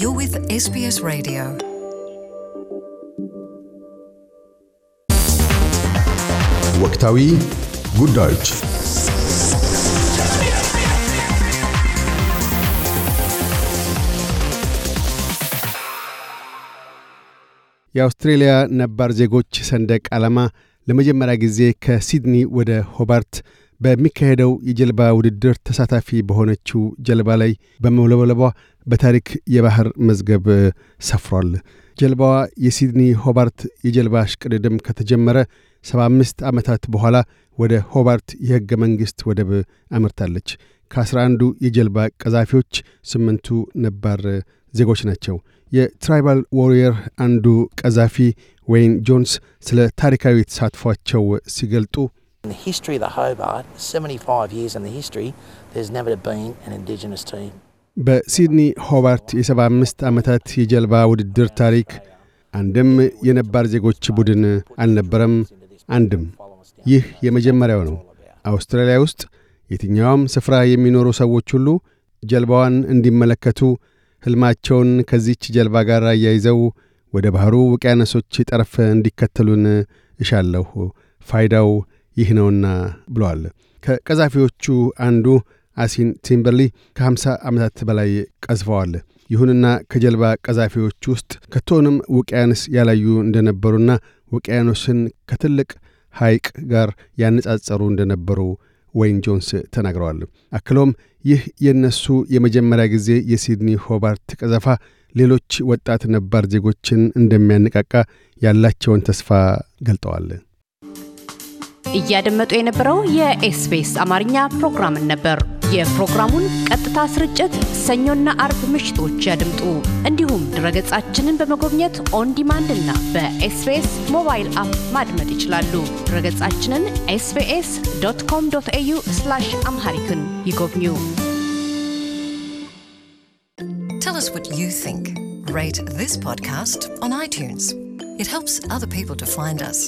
You're with SBS Radio. ወቅታዊ ጉዳዮች የአውስትሬልያ ነባር ዜጎች ሰንደቅ ዓላማ ለመጀመሪያ ጊዜ ከሲድኒ ወደ ሆባርት በሚካሄደው የጀልባ ውድድር ተሳታፊ በሆነችው ጀልባ ላይ በመውለበለቧ በታሪክ የባህር መዝገብ ሰፍሯል። ጀልባዋ የሲድኒ ሆባርት የጀልባ አሽቅድድም ከተጀመረ 75 ዓመታት በኋላ ወደ ሆባርት የሕገ መንግሥት ወደብ አምርታለች። ከአስራ አንዱ የጀልባ ቀዛፊዎች ስምንቱ ነባር ዜጎች ናቸው። የትራይባል ዎሪየር አንዱ ቀዛፊ ወይን ጆንስ ስለ ታሪካዊ ተሳትፏቸው ሲገልጡ In the history of the Hobart, 75 years in the history, there's never been an Indigenous team. በሲድኒ ሆባርት የ75 ዓመታት የጀልባ ውድድር ታሪክ አንድም የነባር ዜጎች ቡድን አልነበረም፣ አንድም። ይህ የመጀመሪያው ነው። አውስትራሊያ ውስጥ የትኛውም ስፍራ የሚኖሩ ሰዎች ሁሉ ጀልባዋን እንዲመለከቱ ሕልማቸውን ከዚች ጀልባ ጋር አያይዘው ወደ ባሕሩ ውቅያኖሶች ጠረፍ እንዲከተሉን እሻለሁ። ፋይዳው ይህ ነውና ብለዋል። ከቀዛፊዎቹ አንዱ አሲን ቲምበርሊ ከ50 ዓመታት በላይ ቀዝፈዋል። ይሁንና ከጀልባ ቀዛፊዎች ውስጥ ከቶንም ውቅያኖስ ያላዩ እንደነበሩና ውቅያኖስን ከትልቅ ሐይቅ ጋር ያነጻጸሩ እንደነበሩ ወይን ጆንስ ተናግረዋል። አክሎም ይህ የእነሱ የመጀመሪያ ጊዜ የሲድኒ ሆባርት ቀዘፋ ሌሎች ወጣት ነባር ዜጎችን እንደሚያነቃቃ ያላቸውን ተስፋ ገልጠዋል። እያደመጡ የነበረው የኤስቢኤስ አማርኛ ፕሮግራምን ነበር። የፕሮግራሙን ቀጥታ ስርጭት ሰኞና አርብ ምሽቶች ያድምጡ። እንዲሁም ድረገጻችንን በመጎብኘት ኦን ዲማንድ እና በኤስቢኤስ ሞባይል አፕ ማድመጥ ይችላሉ። ድረገጻችንን ኤስቢኤስ ዶት ኮም ዶት ኤዩ አምሃሪክን ይጎብኙ። Tell us what you think. Rate this podcast on iTunes. It helps other people to find us.